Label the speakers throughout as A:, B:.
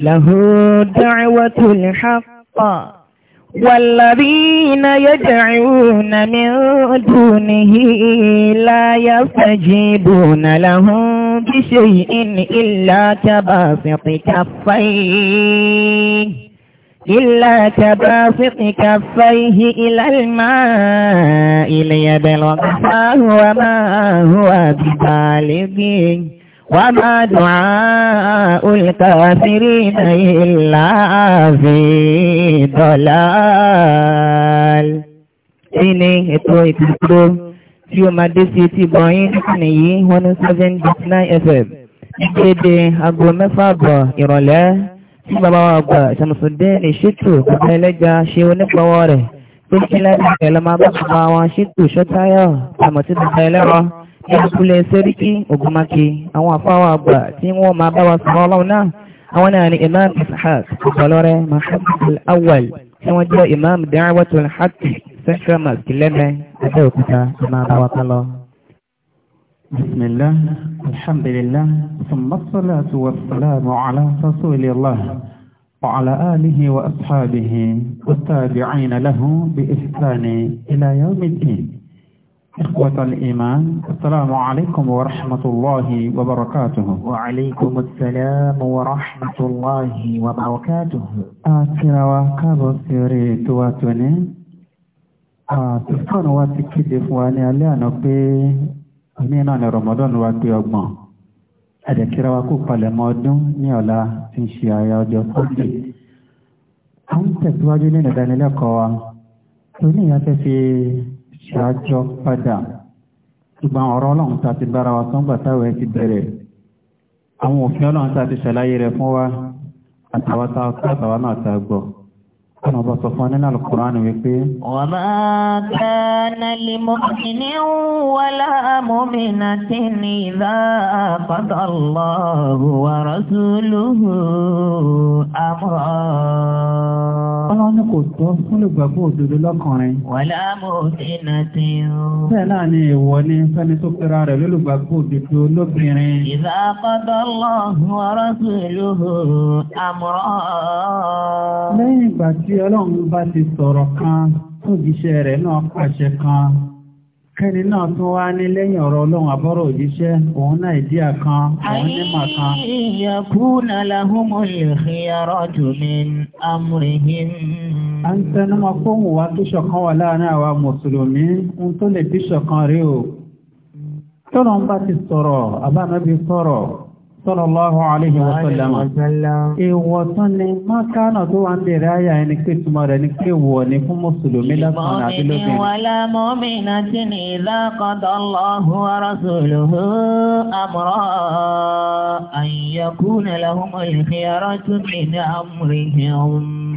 A: له دعوة الحق والذين يدعون من دونه لا يستجيبون لهم بشيء إلا كباسط كفيه إلا كباسط كفيه إلى الماء ليبلغ فهو ما هو ببالغه وما دعاء الكافرين إلا في ضلال Ini ètò ìtìkúrò tí ó máa dé sí ti bọ̀yìn nìkanì yìí 107.9 FM. Ìgbéde aago mẹ́fà bọ̀ ìrọ̀lẹ́ tí bàbá wa gbà ṣàmùsùndé ní ṣètò bàbá ẹlẹ́jà ṣe onípọ̀wọ́ rẹ̀ tó kí lẹ́gbẹ̀ẹ́ lọ máa bá bàbá wọn ṣètò ṣọ́táyọ̀ àmọ̀tí bàbá ẹlẹ́rọ ìrùkúlẹ̀ sẹ́ríkí ogunmáke àwọn àfáwà àgbà tí wọ́n máa bá wa sọ̀rọ̀ ọlọ́run náà àwọn náà ni imam ishaq ọ̀pọ̀lọ́rẹ́ mahamud awal tí wọ́n jẹ́ imam da'watul
B: haqq central mosque lẹ́mẹ́ abẹ́òkúta máa bá wa kálọ. bismillah alhamdulillah summa salatu wa salamu ala rasulillah wa ala alihi wa ashabihi wa tabi'ina lahu bi ihsani ila yawmid din إخوة الإيمان السلام عليكم ورحمة الله وبركاته وعليكم السلام ورحمة الله وبركاته أترى وكابو سيري تواتوني تفكر واتكيد فواني أليانا بي أمينا رمضان واتي أغمان أذكر وكوبا لمودن نيولا تنشي آيا وجو صدي أنت تواجه لنا داني لكوا توني يتفي ṣáájọ́ padà ṣùgbọ́n ọ̀rọ̀ ọlọ́run ta ti bára wa sọ́ngbà táwọn ẹ ti bẹ̀rẹ̀ àwọn òfin ọlọ́run ta ti ṣàlàyé rẹ̀ fún wa àtàwọn tá a kọ́ àtàwọn náà ta gbọ́. Kọ́nà bá sọ fún nínú Al-Qur'ani wípé.
A: Wa ma kana li mu'minin wala mu'minatin idha qada Allahu wa rasuluhu
B: amra. Ọlọ́run ní kò tó fún lè gbàgbọ́ òdodo lọ́kùnrin.
A: Wala mu'minatin. Bẹ́ẹ̀
B: náà ni èèwọ̀ ní fẹ́ni tó pera rẹ̀ lólùgbàgbọ́ òdodo lóbìnrin. Idha qada Allahu wa rasuluhu amra. Lẹ́yìn ìgbà tí ọlọ́run bá ti sọ̀rọ̀ kan fún ìṣẹ́ rẹ̀ náà pàṣẹ kan kẹni náà tún wá ní lẹ́yìn ọ̀rọ̀ ọlọ́run àbọ́rọ̀ òjíṣẹ́ òun náà ìdí àkan òun ní màkan. àyíyàkúnà a ń tẹnumọ́ fóun wa tó ṣọ̀kan wà láàárín àwa mùsùlùmí ohun tó lè bí ṣọ̀kan rí o. tọ́lọ́n bá ti sọ̀rọ̀ àbánábí sọ̀rọ̀ sallallahu alaihi wa sallam ìwọ̀tán ni mákànà tó wà ń bèèrè ayà ẹni pé túnmọ̀ rẹ̀ ní pé wọ̀ ní fún mùsùlùmí lásán àti lóbìn.
A: ìmọ̀ ni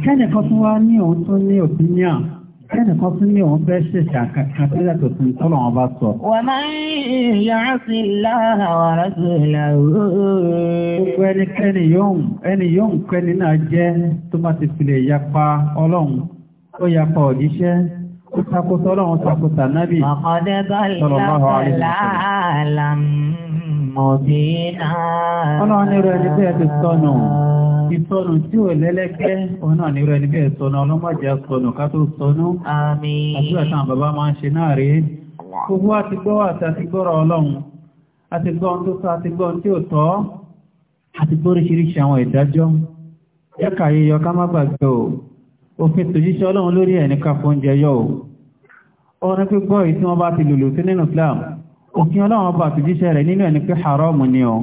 B: kẹ́nìkan tó wá ní òun tó ní òpinion Ẹnì kan tún ní òun fẹ́ ṣèṣe àkàkà tó yàtọ̀ sí tọ́lọ̀ wọn bá sọ. Wọ́n máa ń yàrá sí láàrín àwọn aráàlú ìlàwó. Gbogbo ẹnikẹ́ni yóò ẹni yóò kẹ́ni náà jẹ́ tó bá ti fi lè yapa ọlọ́run, ó yapa òjíṣẹ́, mubina.
A: Ọlọ́run ní rẹ̀ níbẹ̀ ti sọnù.
B: Ìsọnù tí ò lẹ́lẹ́gbẹ́, òun náà ní rẹ̀ níbẹ̀ sọnù, ọlọ́mọ̀jẹ́ sọnù ká tó sọnù. Àmín. Àdúrà táwọn bàbá máa ń ṣe náà rí. Gbogbo àti gbọ́ àti àti gbọ́rọ̀ Ọlọ́run. Àti gbọ́ ohun tó sọ àti òfin ọlọ́run ọba àtìjíṣẹ́ rẹ̀ nínú ẹni pé haramu ni ọ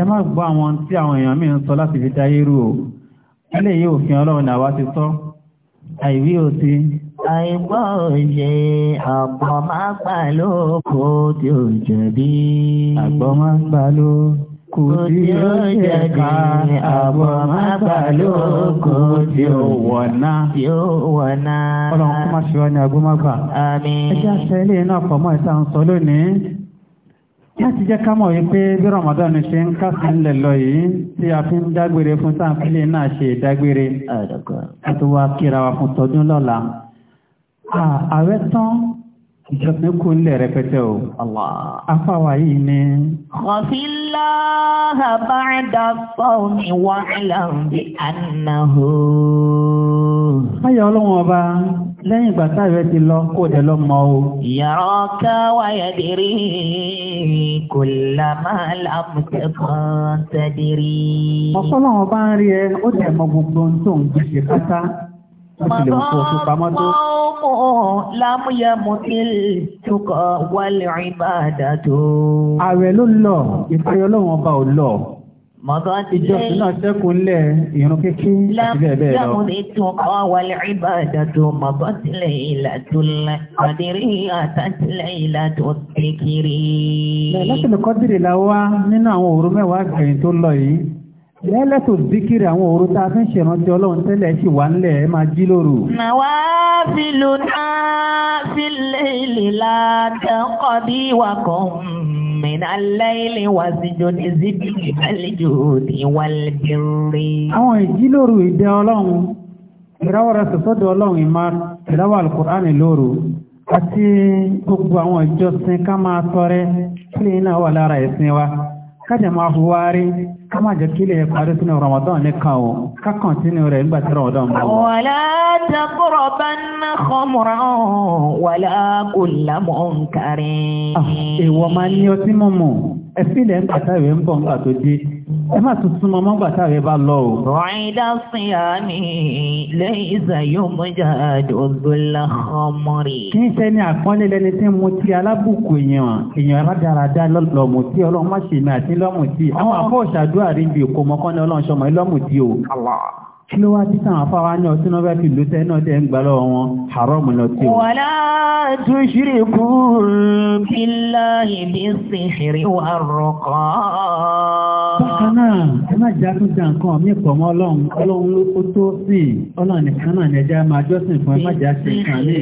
B: ẹ má gbọ́ àwọn tí àwọn èèyàn mi ń sọ láti fi dáyé rú o eléyìí òfin ọlọ́run ni àwa ti sọ àìwí òsì. àìgbọ́ òye àgbọ̀ máa gbà lóko tí ò jẹ̀bi.
A: àgbọ̀ máa gbà lóko kò tí ó jẹ̀bi àbọ̀ mábàlú kò tí ó wọ̀nà.
B: yóò wọ̀nà. ọlọ́run kó má ṣe wá ní agbó má gbà. àmín. ẹ jẹ́ àṣẹ ilé iná ọkọ̀ mọ́ ìta ń sọ lónìí láti jẹ́ ká mọ̀ wípé bí Ramadan ṣe ń kásí ń lọ yìí tí a fi ń dágbére fún sáàpílẹ̀ náà ṣe dágbére àti wá kíra wa fún tọdún lọ́la ààrẹ tán ìjọsìn kò ń lè rẹpẹtẹ o. afáwa yìí ni. kọfílá àbáradà fọ́ọ̀mì wà láǹdí ànáhó. ayọ̀ ọlọ́run ọba lẹ́yìn ìgbà táyọ̀ ti lọ kó dẹ̀ lọ mọ́ o.
A: yàrá ká wáyà dèrè kò lámà lámùtẹ́ kan tẹ́dẹ̀rì. ọ̀pọ̀lọ́run ọba ń
B: rí ẹ ó dẹ̀ mọ gbogbo ohun tó ń gbèsè pátá. ó sì lè ń kó o tó pamọ́ tó
A: mú lámúyẹmú ìlúkọ wálé ìbàdàdó.
B: ààrẹ ló lọ ìparí ọlọ́run ọba ò lọ. Mọ̀tọ́ ti jọ sí náà ṣẹ́kù ńlẹ̀ ìrún kékeré àti bẹ́ẹ̀ bẹ́ẹ̀ lọ. Lámú ní tukọ̀ wálé
A: ìbàdàdó mọ̀tọ́ tilẹ̀ ìlà tó lẹ̀ kọ́dírí àtàtìlẹ̀ ìlà tó kékeré.
B: Lẹ́yìn lọ́sọ̀lẹ̀ kọ́dìrì la wá nínú àwọn òru mẹ́wàá gbẹ̀yìn tó lọ yìí. Lẹ́lẹ́ tó díkiri àwọn òru tá a fi ń ṣèrántí ọlọ́run tẹ́lẹ̀ ṣì wà nílẹ̀ ẹ máa jí lóru.
A: Nàwa fi lò náà fi lè lè látẹ̀kọ́ bí ìwà kan mìíràn alẹ́ ilé sí jọ ní síbi ìgbàlejò ní wàlẹ́bẹ̀rẹ̀.
B: Àwọn ìjílóru ìdẹ ọlọ́run, ìráwọ̀ rẹ̀ sọ̀sọ́dọ̀ ọlọ́run ìmá ìráwọ̀ alukùránì lóru àti gbogbo àwọn ìjọsìn ká máa tọrẹ kí ni náà wà lára ẹ̀sìn wa kájà máa fi wárí ká máa jẹ́ kílẹ̀ parí sínú Ramadan nìkan o kákan sínú rẹ̀ nígbà tí Ramadan bá wà.
A: wala taqrabanna khamran
B: wala kulla munkarin. èèwọ̀ ah, máa ní ọtí mọ̀mọ́. ẹ̀fílẹ̀ ńgbàtàwẹ̀ ń bọ̀ ńgbà tó dé ẹ má tún súnmọ́ mọ́ bá lọ o. rọ́ìdá sí
A: àmì lẹ́yìn ìsàyò mọ́jà àdógbòlá
B: ọmọrì. kí n sẹ́ni àpọ́nlé lẹni tí mo ti alábùkù èèyàn èèyàn tí àti lọ́mù rí ibi ìkómọkànlẹ́ ọlọ́run ṣọmọ o. kí ló wá tí sàn àfáwá ní ọtí náà bẹ́ẹ̀ fi ló tẹ́ náà tẹ́ ń gbà lọ́wọ́ wọn haram lọ tí ó.
A: wala tushriku billahi bis-sihri war-ruqa.
B: bákan náà ẹ má já tún dàn kan mí pọ̀ mọ́ ọlọ́run ọlọ́run ló kó tó sí ọlọ́run nìkan náà ní ẹja máa jọ́sìn fún ẹ má já ṣe kàn ní.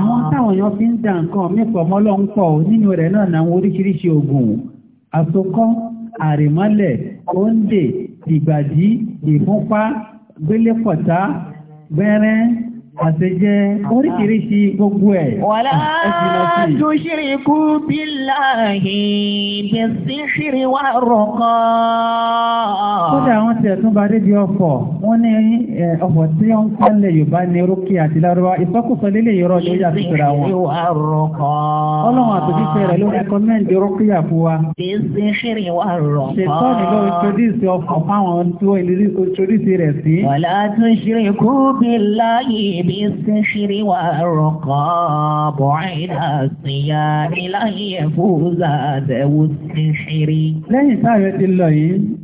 B: àwọn táwọn èèyàn fi ń dàn kan mí pọ̀ mọ́ ọlọ́run pọ̀ nínú rẹ̀ náà náà oríṣiríṣi ìgbàdí ìfúnpá gbélépọ̀tá gbẹ́rẹ́ àtẹjẹ́ oríṣiríṣi gbogbo ẹ̀. wàlá tó ṣírí kú bí
A: láàáhì bí sí ṣírí wà rọ̀kọ́. kódà
B: àwọn tiẹ̀ tún bá débi ọ̀fọ̀ wọ́n ní ọ̀fọ̀ tí wọ́n ń pẹ́lẹ̀ yorùbá ní rókè àti lárúbá ìsọkùsọ lílé ìrọ̀ ló yà síra wọn. ọlọ́run àtòjíṣẹ́ rẹ̀ ló rẹ́kọ́mẹ́ǹdì rókè fún wa. bí
A: sí ṣírí wà
B: rọ̀kọ́. ṣètọ́ni ló introduce ọ̀fọ̀
A: fáwọn tó introduce بالسحر والرقاب بعيد الصيام لن
B: يفوز ذو السحر ليس يتلين آية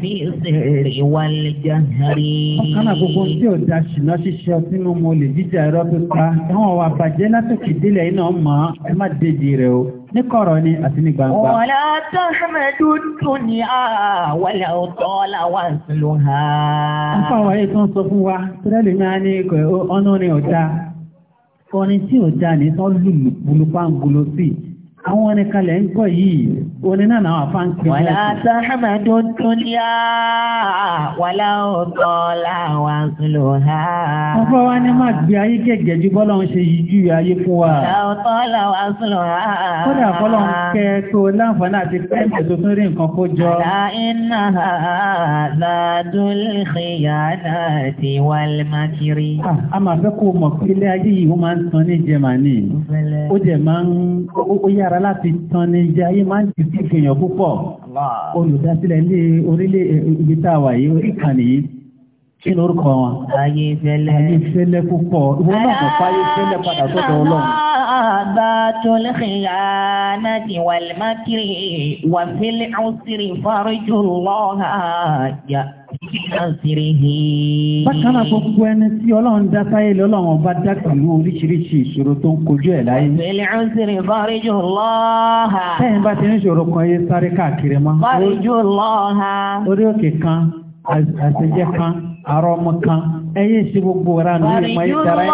B: fi sirri wal jahri. ọ̀kan náà gbogbo tí ò da ṣìnà ṣíṣe ọtí mímu olè jíjà ẹ̀rọ pípa táwọn wà bàjẹ́ látòkè délẹ̀ o ní kọ̀rọ̀ ni àti ní gbangba.
A: wọ́lá tọ́hẹ̀mẹ́dù tún ní àwọlẹ̀ ọ̀tọ́ làwọn ìṣòro ha.
B: wọ́n fà wáyé tó ń sọ fún wa tẹ́lẹ̀ máa ní ọ̀nà orin ọ̀dà orin tí ò da ní tán lùlù bulupangolo sí àwọn orin kalẹ̀ ń kọ́ yìí orin náà náà fà ń kí wọ́n wàlá sáhàmàdó dúnlá
A: wàlá ọ̀tọ̀ láwà lò ha
B: ọ̀fọ́ wa ní máa gbé ayé gẹ̀gẹ̀ ju bọ́lá ń ṣe yíjú ayé fún wa wàlá
A: ọ̀tọ̀ láwà lò ha kódà bọ́lá ń kẹ́
B: tó láǹfààní àti pẹ́ǹtẹ̀ tó tún rí nǹkan kó jọ wàlá
A: iná àdúlùkìyà náà ti wà lẹ́màkiri. a máa fẹ́ kó
B: mọ̀ pé ilé ayé yìí ó máa ń tan ní jẹ́mà ní ó jẹ́ máa ń ó yára agbára láti tan ní ìjà ayé máa ń ti sí ìfihàn púpọ̀ olùdásílẹ̀ ilé orílẹ̀ eh, ibi tá a wà yìí orí ìkànnì yìí kí ni orúkọ wọn. ayé fẹ́lẹ́ ayé fẹ́lẹ́ púpọ̀ ìwọ náà mọ̀ fáyé fẹ́lẹ́ padà sọ́dọ̀ ọlọ́run.
A: Àbátúl khiyánati wal makri wa fil usri farjullaha yá.
B: Bákan náà gbogbo ẹni tí Ọlọ́run dá sáyé lé bá dá pẹ̀lú oríṣiríṣi ìṣòro tó ń kojú ẹ̀ láyé.
A: a ń sèrè fáríjù lọ́ha.
B: Sẹ́yìn bá ti ń ṣòro kan yé sáré káàkiri mọ́. Orí òkè kan, àṣejẹ kan, kan, ẹyẹ ṣe gbogbo ra ìmọ̀ ìdára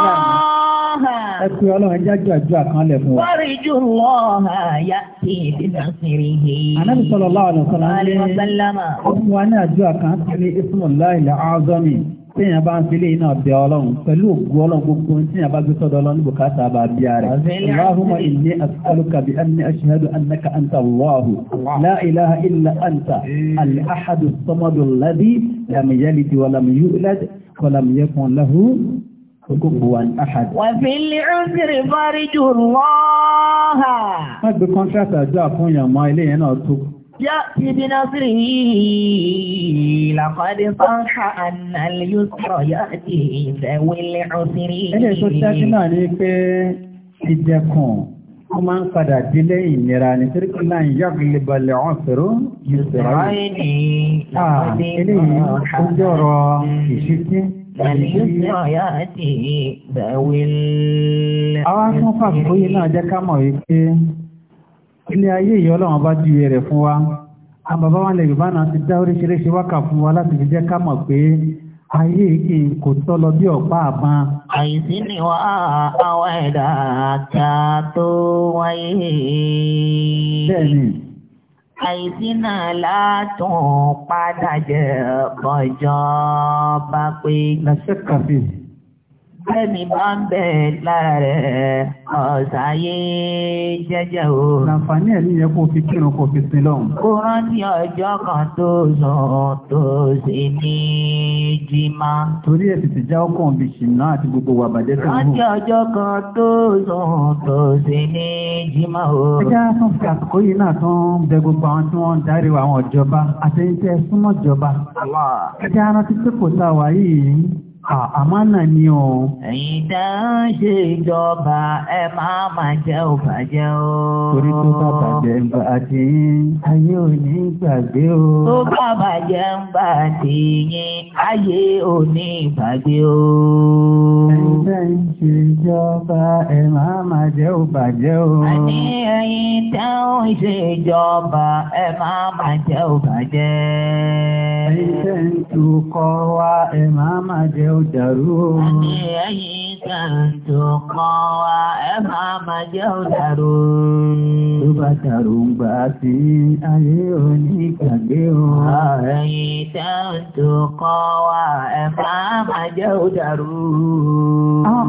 B: Ẹkú ọlọ́run jájú àjú àkánlẹ̀ fún wa.
A: Wọ́n jù wọ́n àyà sí ìdínà sírí yìí. Ànábì sọ̀rọ̀ láàrín ọ̀sán láàrín. Wọ́n lè sálámà.
B: Ó fún wa ní àjú àkáǹtì ní Ismullahi al-Azami. Téèyàn bá ń fi lé iná bẹ ọlọ́run pẹ̀lú ògùn ọlọ́run gbogbo téèyàn bá gbé sọ́dọ̀ ọlọ́run bùkátà bá bí a rẹ̀. Allahumma inni as'aluka bi anni annaka anta Allahu la illa anta eh. al samadu alladhi lam wa lam yulad Wàfí
A: lè ọ́sìrì fárí jù lọ́ha.
B: Má gbé kọ́ntrátì àjọ àfúnyàmọ́ ilé yẹn náà tó.
A: Yá ti bí náà sí rí ìlàkọ́dé sọ́nà àlàyé sọ̀rọ̀ yá ti ìfẹ̀wé lè ọ́sìrì. Ẹlẹ́ tó ṣáájú
B: náà ni pé ìdẹ̀kùn ó máa ń padà dé ìnira ní tíríkì náà yàgùlẹ̀ balẹ̀ ọ̀sẹ̀rọ̀ yóò sọ̀rọ̀
A: yìí. Eléyìí ó jọ̀rọ̀
B: ìṣítí. Àlùyọ́ yáàdì ìgbàwílẹ̀. Àwọn akẹ́kọ̀ọ́ àkóyè náà jẹ́ ká mọ̀ wípé ilé ayé yìí Ọlọ́run bá júwe rẹ̀ fún wa. Àbàbá wa lè Yorùbá náà ti dá oríṣiríṣi wákà fún wa láti fi jẹ́ ká mọ̀ pé ayé kì í kò tọ́ lọ bí ọ̀pá àbọn. Àìsí
A: ni wá àwọn ẹ̀dá àti àtó wáyé. Bẹ́ẹ̀ni àìsínà látún padà jẹ́ kọjọ́ bá pé. Nàṣẹ́ kàfíì. Bẹ́ẹ̀ni bá ń bẹ̀ lára rẹ̀ ọ̀sáyé jẹ́jẹ́ o. Nàfàní ẹ̀ níyẹ kó fi kírun kó fi sin lọ́hùn. Kó rántí ọjọ́ kan tó sọ tó ṣe ní jímá. Torí ẹ̀ sì ti já ọkàn bí ṣìnà àti gbogbo wà bàjẹ́ tó ń hù. Rántí ọjọ́
B: kan tó sọ tó ṣe ní jímá o. Ẹja tún fi àsìkò yìí náà tún bẹ gbogbo àwọn tí wọ́n ń darí àwọn ìjọba àtẹ̀yìntẹ́ súnmọ́ ìjọba. Ẹja rántí pé kò tá a yìí. Àmánà ni o. Ẹ̀yin
A: dá ń ṣe ìjọba ẹ máa máa jẹ́ ò bàjẹ́ o.
B: Torí tó bá bàjẹ́ ń bá ti ayé ò ní gbàgbé o. Tó bá bàjẹ́
A: ń bá ti yín, ayé ò ní gbàgbé o. Ẹ̀yin dá ń ṣe ìjọba ẹ máa máa jẹ́ ò bàjẹ́ o. Àní ẹ̀yin dá ń ṣe ìjọba ẹ máa máa jẹ́ ò bàjẹ́. Ẹ̀yin dá ń tukọ̀ wa ẹ máa máa jẹ́ ò ó dàrú o. Àní ẹ̀yin kàǹtò kan wa ẹ máa máa jẹ́ ó dàrú.
B: Tó bá dàrú ń gbà sí ayé òní ìgbàgbé o. Àwọn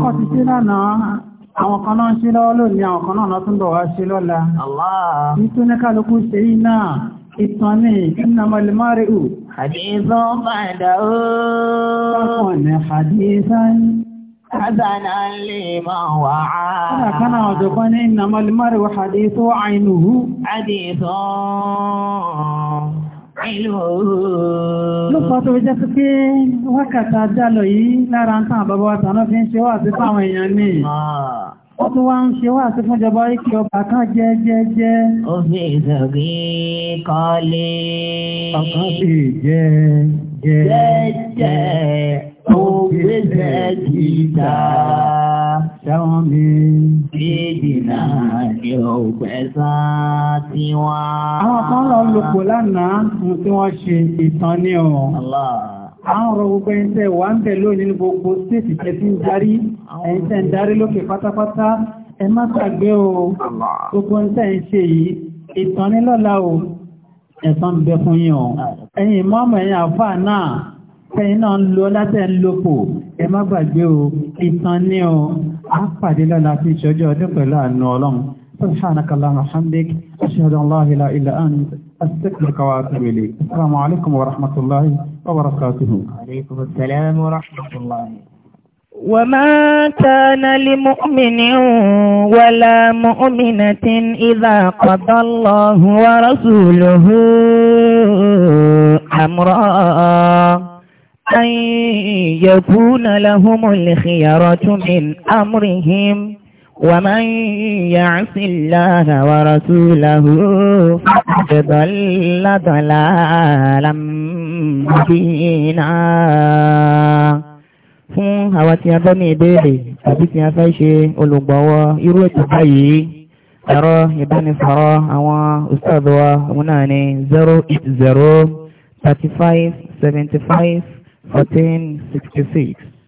B: kan ti ṣe lánàá àwọn kan náà ń ṣe lọ́wọ́ lónìí àwọn kan náà tún bọ̀ wá ṣe lọ́la. Allah. Nítorí kálukú ṣe yìí náà, ìtàn ni حديث بعده فكن حديثا حسنا لما وعى كان وجبان إنما المرء حديث عينه حديث Lọ́pọ̀ tó jẹ́ pé wákàtà jálọ yìí lára ń tàn bàbá wa fi ń ṣe wà sí fáwọn èèyàn ní wọ́n tún wá ń ṣe wá sí fúnjọba ìkí ọba kan jẹ́ jẹ́ jẹ́.
A: ó fi ìsọ̀rí kọ́lé. ọkàn sì jẹ́ jẹ́ jẹ́ òwe jẹ́ jìjà. sẹ́wọ̀n mi. bíbí àwọn
B: kan lọ lòpò lánàá ohun tí wọ́n ṣe ìtàn ní ọ̀hún àwọn ọ̀rọ̀ gbogbo ẹni tẹ́ wà ń bẹ̀ lónìí ní gbogbo stéètì tẹ́ fi ń darí ẹni tẹ́ ń darí lókè pátápátá ẹ má gbàgbé o gbogbo ń tẹ́ ń ṣe yìí ìtànilọ́la o ẹ̀san bẹ fún yín o ẹ̀yin mọ́mọ̀ ẹ̀yin àfáà náà أستكملك وأتوب السلام عليكم ورحمة الله وبركاته عليكم السلام ورحمة الله وما
A: كان لمؤمن ولا مؤمنة إذا قضى الله ورسوله أمرا أن يكون لهم الخيرة من أمرهم ومن يعص الله ورسوله فقد ضل ضلالا مبينا fún àwọn tí a fẹ́ ní ìbéèrè tàbí tí a fẹ́ ṣe olùgbọ̀wọ́ irú ètò báyìí ẹ̀rọ ìbánisọ̀rọ̀ àwọn ustadwa òun náà ni 080 35 75 14 66